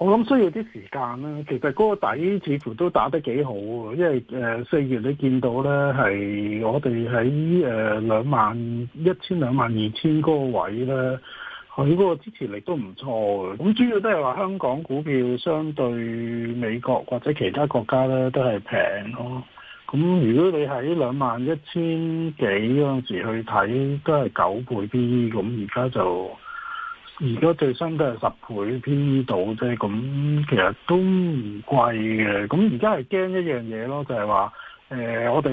我諗需要啲時間啦，其實嗰個底似乎都打得幾好，因為誒四、呃、月你見到咧，係我哋喺誒兩萬一千兩萬二千嗰個位咧，佢、那、嗰個支持力都唔錯嘅。咁主要都係話香港股票相對美國或者其他國家咧都係平咯。咁如果你喺兩萬一千幾嗰陣時去睇，都係九倍 PE，咁而家就。而家最新都係十倍偏到啫，咁其實都唔貴嘅。咁而家係驚一樣嘢咯，就係話，誒，我哋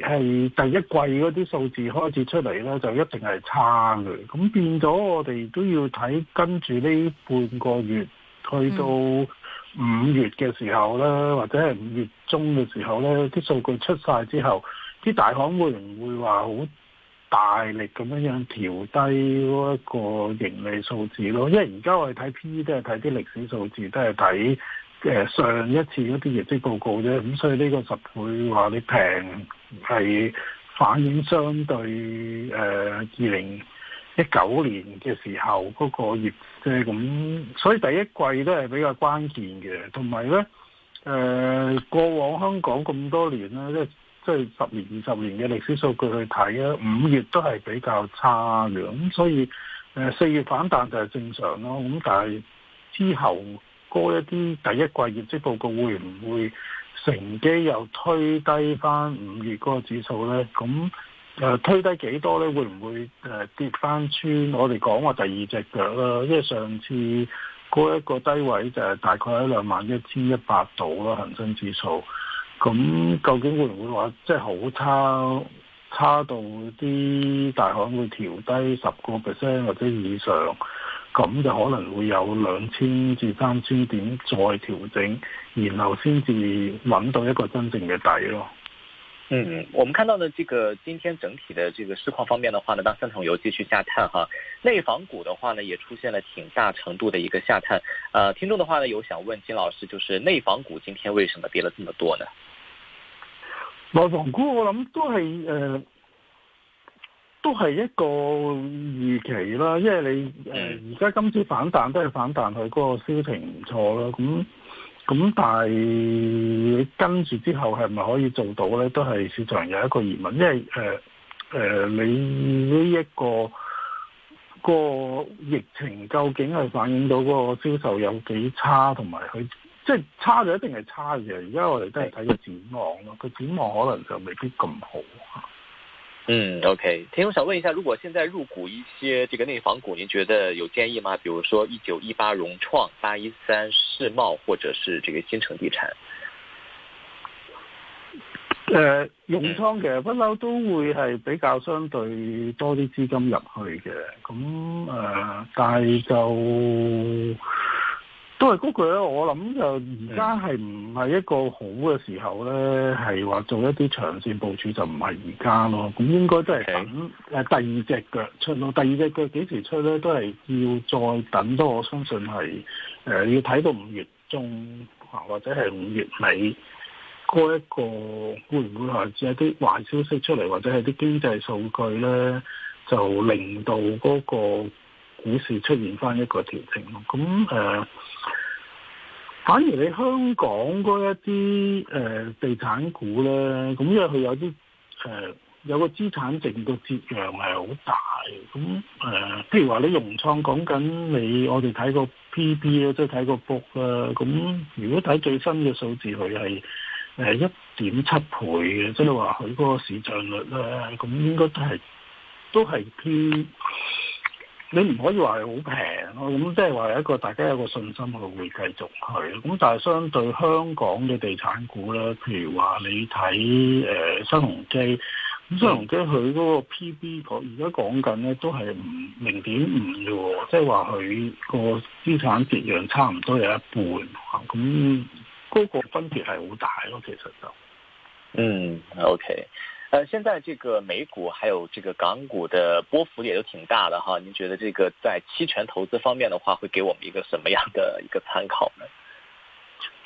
係第一季嗰啲數字開始出嚟咧，就一定係差嘅。咁變咗我哋都要睇跟住呢半個月去到五月嘅時候咧，或者係五月中嘅時候咧，啲數據出晒之後，啲大行會唔會話好大力咁樣樣調低嗰一個盈利數字咯，因為而家我哋睇 P 都係睇啲歷史數字，都係睇誒上一次嗰啲業績報告啫。咁所以呢個十倍話你平係反映相對誒二零一九年嘅時候嗰個業績咁、就是，所以第一季都係比較關鍵嘅，同埋咧誒過往香港咁多年咧。呃即係十年、二十年嘅歷史數據去睇啊，五月都係比較差嘅，咁所以誒四月反彈就係正常咯。咁但係之後嗰一啲第一季業績報告會唔會乘機又推低翻五月嗰個指數咧？咁誒、呃、推低幾多咧？會唔會誒、呃、跌翻穿我哋講話第二隻腳啦？因為上次嗰一個低位就係大概喺兩萬一千一百度啦，恒生指數。咁究竟會唔會話即係好差差到啲大行會調低十個 percent 或者以上？咁就可能會有兩千至三千點再調整，然後先至揾到一個真正嘅底咯。嗯，我們看到呢，這個今天整體的這個市況方面的話呢，當三桶油繼續下探哈，內房股的話呢，也出現了挺大程度嘅一個下探。呃，聽眾的話呢，有想問金老師，就是內房股今天為什麼跌了這麼多呢？內房股我諗都係誒、呃，都係一個預期啦，因為你誒而家今次反彈都係反彈，佢、那、嗰個銷情唔錯啦，咁咁，但係跟住之後係咪可以做到咧？都係市場有一個疑問，因為誒誒、呃呃、你呢、這、一個、那個疫情究竟係反映到嗰個銷售有幾差，同埋佢。即係差咗一定係差嘅，而家我哋都係睇個展望咯，個、嗯、展望可能就未必咁好吓。嗯，OK。聽我想問一下，如果現在入股一些這個內房股，您覺得有建議嗎？比如說一九一八、融創、八一三、世茂，或者是這個新城地產？誒、呃，融創其實不嬲都會係比較相對多啲資金入去嘅，咁、嗯、誒、呃，但係就。都係嗰句咧，我諗就而家係唔係一個好嘅時候咧，係話做一啲長線部署就唔係而家咯。咁應該都係等誒第二隻腳出咯。第二隻腳幾時出咧？都係要再等多。我相信係誒、呃、要睇到五月中或者係五月尾嗰一個會唔會係一啲壞消息出嚟，或者係啲經濟數據咧，就令到嗰、嗰個。股市出現翻一個調整咯，咁誒、呃，反而你香港嗰一啲誒、呃、地產股咧，咁因為佢有啲誒、呃、有個資產淨個折讓係好大，咁誒、呃，譬如話你融創講緊你，我哋睇個 P/B 即係睇個 book 啦，咁如果睇最新嘅數字，佢係誒一點七倍嘅，即係話佢嗰個市淨率咧，咁應該都係都係 P。你唔可以話係好平咯，咁即係話一個大家有個信心去會繼續去，咁但係相對香港嘅地產股咧，譬如話你睇誒、呃、新鴻基，咁新鴻基佢嗰個 P/B 講而家講緊咧都係唔，零點五嘅喎，即係話佢個資產折讓差唔多有一半，咁嗰個分別係好大咯，其實就嗯，OK。誒、呃，現在這個美股還有這個港股的波幅也都挺大的哈，您覺得這個在期權投資方面的話，會給我們一個什麼樣的一個參考呢？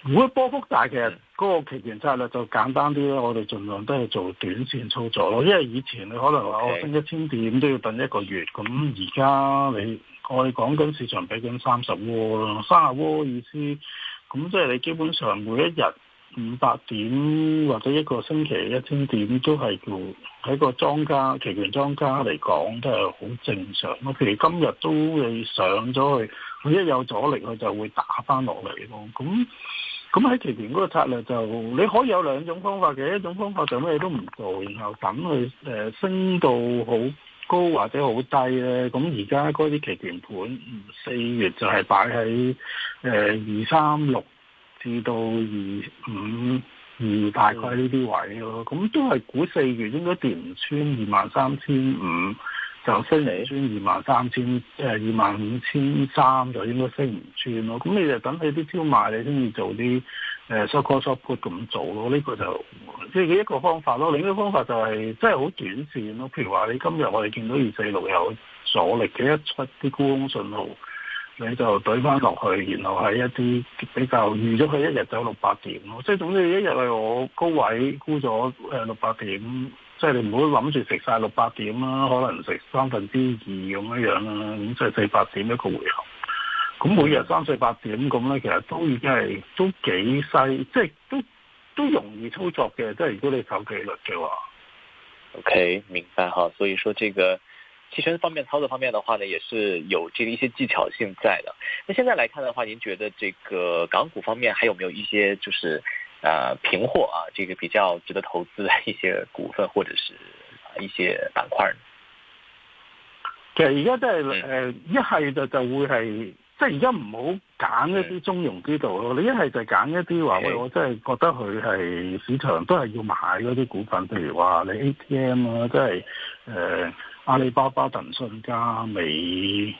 如果波幅大嘅，嗰、嗯、個期權策略就簡單啲咯，我哋盡量都係做短線操作咯，因為以前你可能話 Okay. 我升一千點都要等一個月，咁而家你我哋講緊市場畀緊三十窩，三十窩意思，咁即係你基本上每一日。五百點或者一個星期一千點都係叫喺個莊家、期權莊家嚟講都係好正常。咁譬如今日都係上咗去，佢一有阻力佢就會打返落嚟咯。咁咁喺期權嗰個策略就你可以有兩種方法嘅，一種方法就咩都唔做，然後等佢誒、呃、升到好高或者好低咧。咁而家嗰啲期權盤，四月就係擺喺誒二三六。呃至到二五二大概呢啲位咯，咁都係估四月應該跌唔穿二萬三千五，就升嚟一穿二萬三千，誒二萬五千三就應該升唔穿咯。咁你就等佢啲超賣，你先至做啲誒 short call short put 咁做咯。呢、呢個就即係佢一個方法咯。另一個方法就係、是、真係好短線咯。譬如話你今日我哋見到二四六有阻力嘅一出啲沽空信號。你就懟翻落去，然後係一啲比較預咗佢一日走六百點咯，即係總之一日係我高位沽咗誒六百點，即係你唔好諗住食晒六百點啦，可能食三分之二咁樣樣啦，咁即係四百點一個回合，咁每日三四百點咁咧，其實都已經係都幾細，即係都都容易操作嘅，即係如果你守紀律嘅話。OK，明白哈，所以說這個。期權方面操作方面的話呢，也是有這個一些技巧性在的。那現在來看的話，您覺得這個港股方面還有沒有一些就是啊平、呃、貨啊，這個比較值得投資的一些股份或者是一些板塊呢？其實而家真係誒，一係就就會係，即係而家唔好揀一啲中庸之道咯。嗯、你一係就揀一啲話，嗯、喂，我真係覺得佢係市場都係要買嗰啲股份，譬如話你 ATM 啊，即係誒。呃阿里巴巴、騰訊加美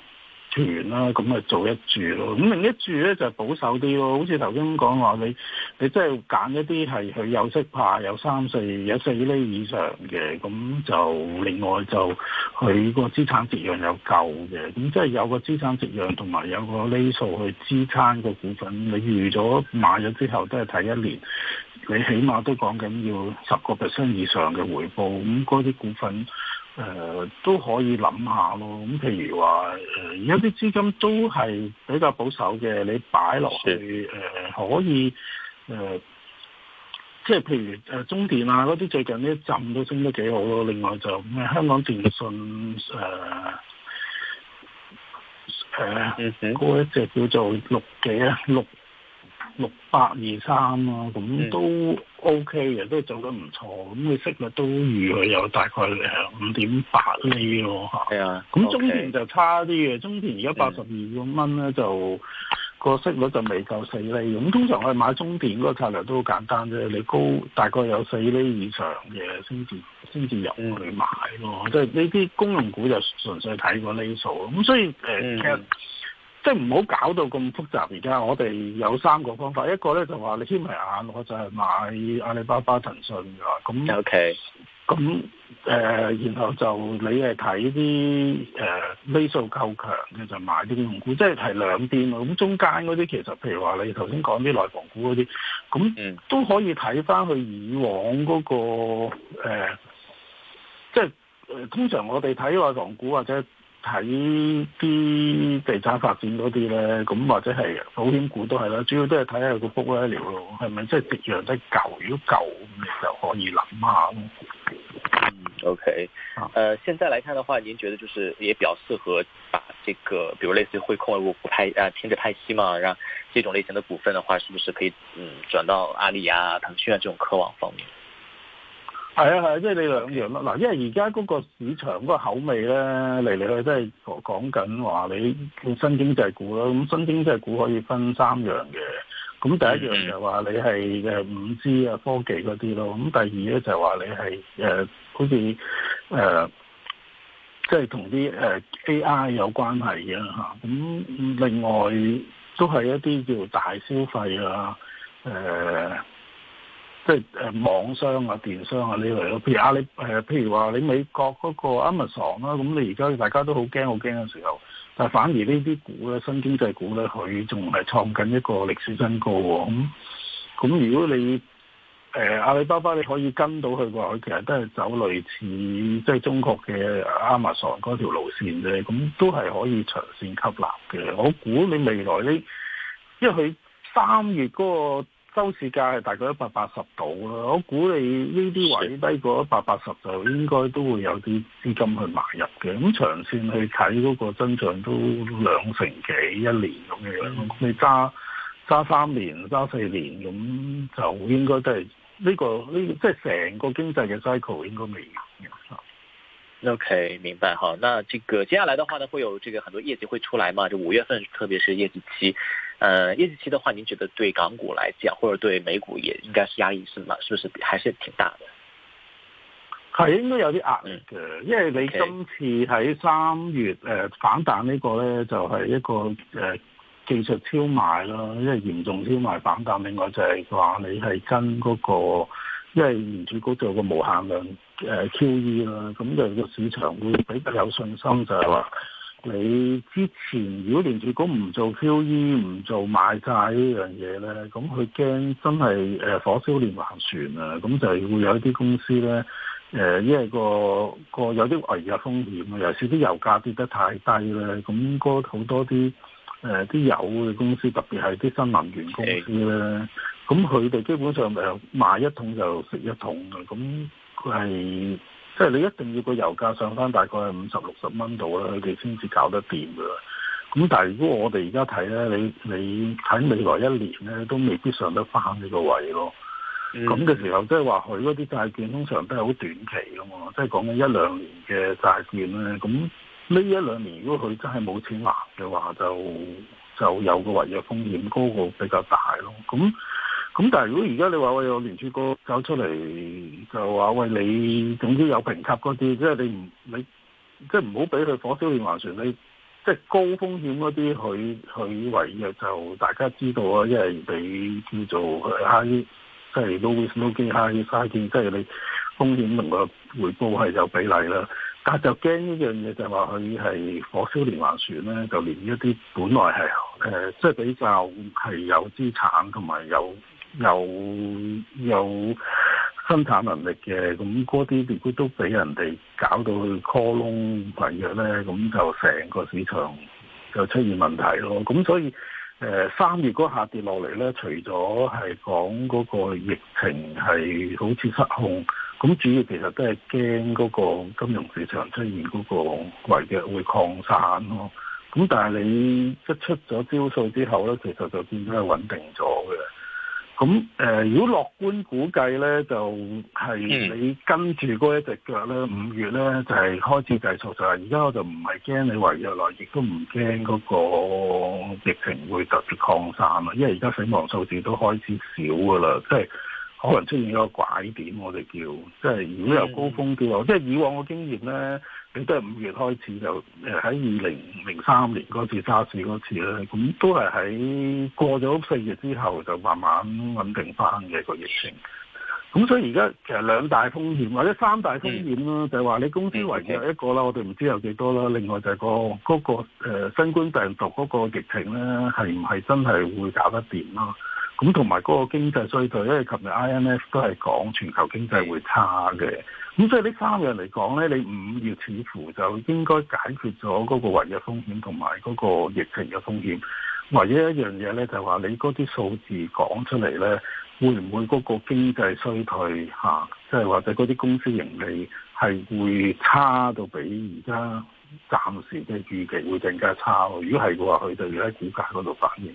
團啦，咁咪做一注咯。咁另一注咧就係保守啲咯，好似頭先講話你，你即係揀一啲係佢有息派，有三四，有四釐以上嘅，咁就另外就佢個資產折讓有夠嘅。咁即係有個資產折讓同埋有個釐數去支撐個股份。你預咗買咗之後都係睇一年，你起碼都講緊要十個 percent 以上嘅回報。咁嗰啲股份。誒、呃、都可以諗下咯，咁譬如話誒，而家啲資金都係比較保守嘅，你擺落去誒、呃、可以誒、呃，即係譬如誒、呃、中電啊，嗰啲最近呢浸都升得幾好咯，另外就咩香港電訊誒誒，嗰一隻叫做六幾啊六。六百二三咯、啊，咁都 O K 嘅，嗯、都做得唔錯。咁佢息率都預佢有大概五點八厘咯嚇。啊，咁、啊、中電就差啲嘅。嗯、中電而家八十二個蚊咧，就個、嗯、息率就未夠四厘。咁通常我哋買中電嗰個策略都好簡單啫，你高大概有四厘以上嘅先至先至入去買咯。即係呢啲公用股就純粹睇個厘數。咁所以誒，呃嗯即係唔好搞到咁複雜，而家我哋有三個方法，一個咧就話你眯埋眼，我就係買阿里巴巴、騰訊㗎。咁 OK，咁誒、呃，然後就你係睇啲誒虧數夠強嘅就買啲龍股，即係睇兩邊咁、嗯、中間嗰啲其實，譬如話你頭先講啲內房股嗰啲，咁都可以睇翻佢以往嗰、那個、呃、即係誒、呃、通常我哋睇內房股或者。睇啲地產發展多啲咧，咁或者係保險股都係啦，主要都係睇下個幅咧，聊咯，係咪即係陽底舊要舊，咁你就可以諗下咯。嗯，OK，誒、呃，現在來看嘅話，您覺得就是也比較適合啊，這個比如類似匯控派啊、泰啊、天澤派息嘛，讓這種類型嘅股份嘅話，是不是可以嗯轉到阿里啊、騰訊啊這種科網方面？係啊，係啊，即係你兩樣咯。嗱，因為而家嗰個市場嗰個口味咧，嚟嚟去去都係講講緊話你新經濟股咯。咁新經濟股可以分三樣嘅。咁第一樣就話你係誒五 G 啊、科技嗰啲咯。咁第二咧就係話你係誒、呃、好似誒即係同啲誒 AI 有關係嘅嚇。咁、啊、另外都係一啲叫大消費啊誒。呃即係誒網商啊、電商啊呢類咯，譬如阿里誒，譬如話你美國嗰個 Amazon 啦，咁你而家大家都好驚好驚嘅時候，但反而呢啲股咧，新經濟股咧，佢仲係創緊一個歷史新高喎。咁咁如果你誒、呃、阿里巴巴，你可以跟到佢嘅話，佢其實都係走類似即係、就是、中國嘅 Amazon 嗰條路線嘅，咁都係可以長線吸納嘅。我估你未來呢，因為佢三月嗰、那個。收市價係大概一百八十度啦，我估你呢啲位低過一百八十度，應該都會有啲資金去買入嘅。咁長線去睇嗰個增長都兩成幾一年咁嘅樣，你揸揸三年、揸四年咁就應該都係呢個呢、這個，即係成個經濟嘅 cycle 應該未有。O、okay, K，明白。好，那呢、這個接下來嘅話呢，會有呢個很多業績會出來嘛？就五月份，特別是業績期。呃，業績期的話，您覺得對港股嚟講，或者對美股也應該是壓力是嘛？是不是還是挺大嘅？係，應該有啲壓力嘅，嗯、因為你今次喺三月誒、呃、反彈呢個呢，就係、是、一個誒、呃、技術超賣啦，因為嚴重超賣反彈。另外就係話你係跟嗰、那個，因為聯儲局做個無限量誒、呃、QE 啦，咁就個市場會比較有信心就係話。你之前如果連住股唔做 QE 唔做買債樣呢樣嘢咧，咁佢驚真係誒火燒連環船啊！咁就會有一啲公司咧，誒、呃，因為個個有啲違約風險啊，尤其是啲油價跌得太低咧，咁好多啲誒啲油嘅公司，特別係啲新能源公司咧。咁佢哋基本上誒買一桶就食一桶嘅。咁佢係即係你一定要個油價上翻大概係五十六十蚊度啦，佢哋先至搞得掂嘅。咁但係如果我哋而家睇咧，你你睇未來一年咧都未必上得翻呢個位咯。咁嘅、嗯、時候即係話佢嗰啲債券通常都係好短期嘅嘛，即係講緊一兩年嘅債券咧。咁呢一兩年如果佢真係冇錢還嘅話，就就有個違約風險高個比較大咯。咁咁、嗯、但係如果而家你話，喂，我聯儲局搞出嚟就話，喂你，總之有評級嗰啲，即係你唔你，你，即係唔好俾佢火燒連環船。你即係高風險嗰啲，佢佢違約就大家知道啊，因為你叫做 high 即係 low low yield high 即係你風險同個回報係有比例啦。但係就驚呢樣嘢就話佢係火燒連環船咧，就連一啲本來係誒、呃、即係比較係有資產同埋有，有。有有生產能力嘅，咁嗰啲如果都俾人哋搞到去 call 窿違約咧，咁就成個市場就出現問題咯。咁所以誒三、呃、月嗰下跌落嚟咧，除咗係講嗰個疫情係好似失控，咁主要其實都係驚嗰個金融市場出現嗰個違約會擴散咯。咁但係你一出咗招數之後咧，其實就變咗係穩定咗嘅。咁誒、呃，如果樂觀估計咧，就係、是、你跟住嗰一隻腳咧，五月咧就係、是、開始計數。就係而家我就唔係驚你違約來，亦都唔驚嗰個疫情會特別擴散啦。因為而家死亡數字都開始少噶啦，即、就、係、是。可能出現一個拐點，我，我哋叫即係，如果有高峰嘅話，嗯、即係以往嘅經驗咧，亦都係五月開始就誒喺二零零三年嗰次沙士嗰次咧，咁都係喺過咗四月之後就慢慢穩定翻嘅一個疫情。咁、嗯、所以而家其實兩大風險或者三大風險啦，嗯、就係話你公司維持一個啦，嗯、我哋唔知有幾多啦，嗯、另外就係、嗰個嗰、嗰個、呃、新冠病毒嗰個疫情咧，係唔係真係會搞得掂咯？咁同埋嗰個經濟衰退因為，琴日 I N F 都係講全球經濟會差嘅。咁所以三呢三樣嚟講咧，你五月似乎就應該解決咗嗰個違約風險同埋嗰個疫情嘅風險。唯一一樣嘢咧，就話、是、你嗰啲數字講出嚟咧，會唔會嗰個經濟衰退嚇，即、啊、係、就是、或者嗰啲公司盈利係會差到比而家暫時嘅預期會更加差？如果係嘅話，佢就要喺股價嗰度反映。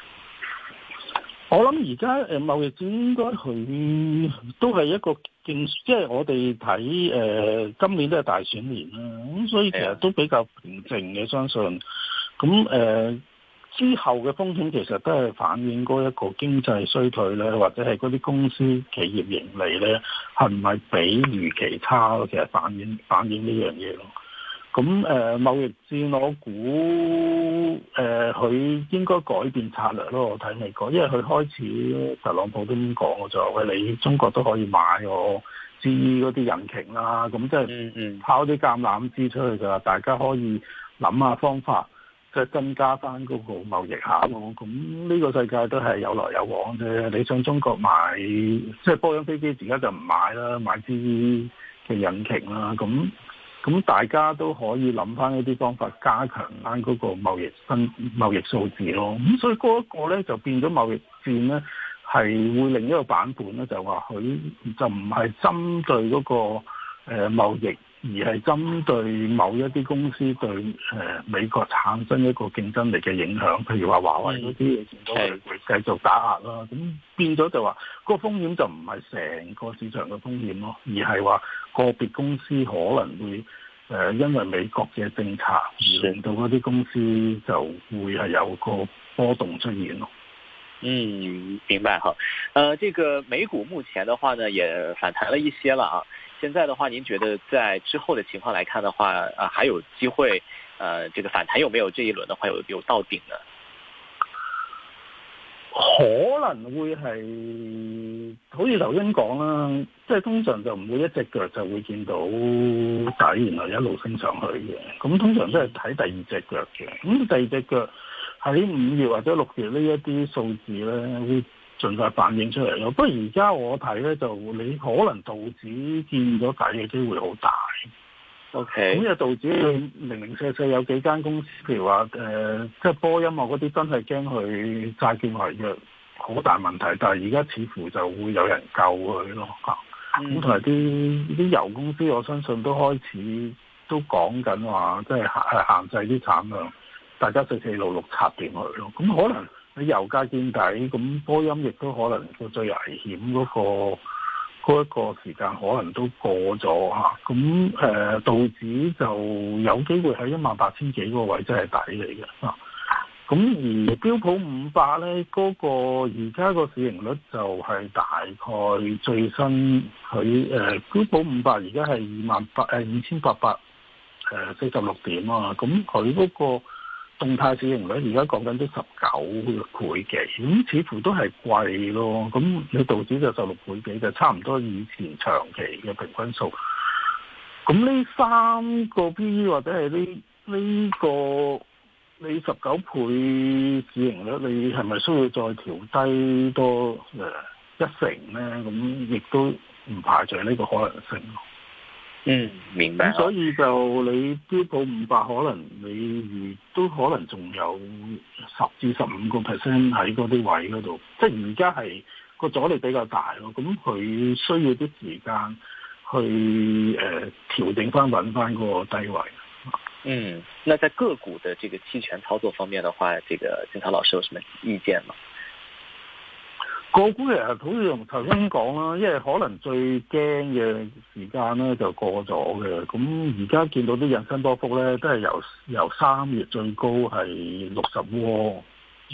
我諗而家誒貿易戰應該佢都係一個競，即係我哋睇誒今年都係大選年啦，咁所以其實都比較平靜嘅，相信咁誒之後嘅風險其實都係反映嗰一個經濟衰退咧，或者係嗰啲公司企業盈利咧係唔係比預期差咯？其實反映反映呢樣嘢咯。咁誒、呃、貿易戰，我估誒佢應該改變策略咯。我睇美國，因為佢開始特朗普都講嘅就係你中國都可以買我之嗰啲引擎啦。咁即係拋啲橄欖枝出去㗎，大家可以諗下方法，即係增加翻嗰個貿易下，咁呢個世界都係有來有往啫。你向中國買，即係波音飛機，而家就唔買啦，買啲嘅引擎啦。咁、啊。嗯咁大家都可以諗翻一啲方法加強翻嗰個貿易、新貿易數字咯，咁所以嗰一個咧就變咗貿易戰咧係會另一個版本咧就話佢就唔係針對嗰、那個誒、呃、貿易。而係針對某一啲公司對誒、呃、美國產生一個競爭力嘅影響，譬如話華為嗰啲嘢，是都會繼續打壓啦。咁變咗就話、嗰個風險就唔係成個市場嘅風險咯，而係話個別公司可能會誒、呃、因為美國嘅政策而令到嗰啲公司就會係有個波動出現。嗯，明白好，呃，這個美股目前的話呢，也反彈了一些啦啊，現在的話，您覺得在之後的情況來看的話，啊，還有機會，呃，這個反彈有沒有這一輪的話有有到頂呢？可能會係，好似劉英講啦，即、就、係、是、通常就唔會一隻腳就會見到底，然後一路升上去嘅，咁通常都係睇第二隻腳嘅，咁第二隻腳。喺五月或者六月呢一啲數字咧，會盡快反映出嚟咯。不過而家我睇咧，就你可能道指見咗底嘅機會好大。O K。咁啊，道指零零碎碎有幾間公司譬如話誒，即、呃、係、就是、波音啊嗰啲，真係驚佢債券違約好大問題。但係而家似乎就會有人救佢咯。咁同埋啲啲油公司，我相信都開始都講緊話，即係限限制啲產量。大家四四六六插電去咯，咁可能喺油價見底，咁波音亦都可能個最危險嗰，那個一、那個時間可能都過咗嚇。咁誒，呃、道指就有機會喺一萬八千幾嗰個位，真係抵嚟嘅啊。咁而標普五百咧，嗰，那個而家個市盈率就係大概最新佢誒，呃、標普五百而家係二萬八誒五千八百誒四十六點啊。咁佢嗰個。動態市盈率而家講緊都十九倍嘅，咁似乎都係貴咯。咁你道指就十六倍幾，就差唔多以前長期嘅平均數。咁呢三個 P 或者係呢呢個你十九倍市盈率，你係咪需要再調低多誒一成咧？咁亦都唔排除呢個可能性。嗯，明白。所以就你標普五百，可能你都可能仲有十至十五個 percent 喺嗰啲位嗰度，即係而家係個阻力比較大咯。咁佢需要啲時間去誒調整翻穩翻個低位。嗯，那在個股嘅這個期權操作方面的話，這個金曹老師有什麼意見嗎？個股其實好似用頭先講啦，因為可能最驚嘅時間咧就過咗嘅，咁而家見到啲引申波幅咧都係由由三月最高係六十蝸，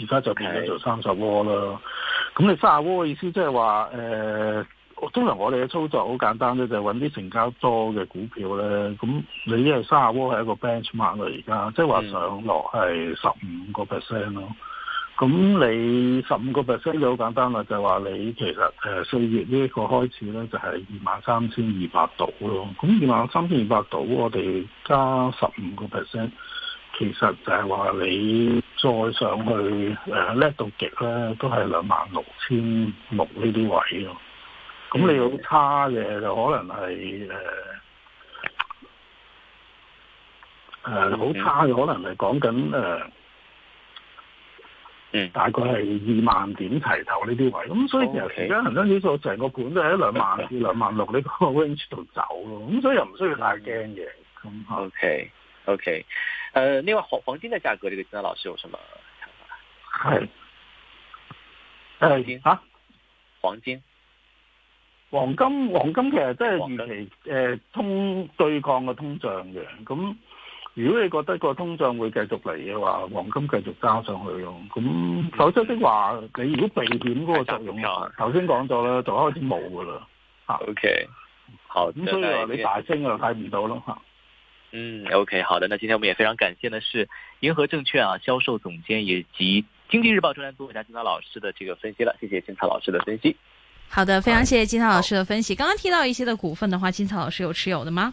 而家就變咗做三十蝸啦。咁的你三十蝸嘅意思即係話誒，通常我哋嘅操作好簡單咧，就係揾啲成交多嘅股票咧。咁你呢個三十蝸係一個 benchmark 啦，而家即係話上落係十五個 percent 咯。嗯嗯。咁你十五個 percent 就好簡單啦，就係話你其實誒四、呃、月呢一個開始咧，就係二萬三千二百度咯。咁二萬三千二百度，我哋加十五個 percent，其實就係話你再上去誒叻到極咧，都係兩萬六千六呢啲位咯。咁你好差嘅就可能係誒誒好差嘅可能係講緊誒。呃嗯，大概係二萬點齊頭呢啲位，咁所以其實而的家恒生指數成個盤都喺一兩萬至兩萬六呢個 range 度走咯，咁所以又唔需要太驚嘅。咁 OK，OK，誒，另外黃黃金嘅價格，呢個張老師有什麼？係先。吓是，黃金黃金，、啊、黃，金黃金其實即係嚟誒通對抗個通脹嘅，咁。如果你覺得個通脹會繼續嚟嘅話，黃金繼續交上去咯，哦。咁否則的話，你如果避險嗰個作用，作用啊，頭先講咗啦，就開始冇噶啦。嚇，OK，好。咁、嗯嗯、所以話你大升又睇唔到咯。嚇，嗯，OK，好的。那今天我們也非常感謝的是銀河證券啊銷售總監以及經濟日報專欄作家金曹老師的這個分析啦。謝謝金曹老師的分析。好的，非常謝謝金曹老師的分析。剛剛提到一些的股份的話，金曹老師有持有的嗎？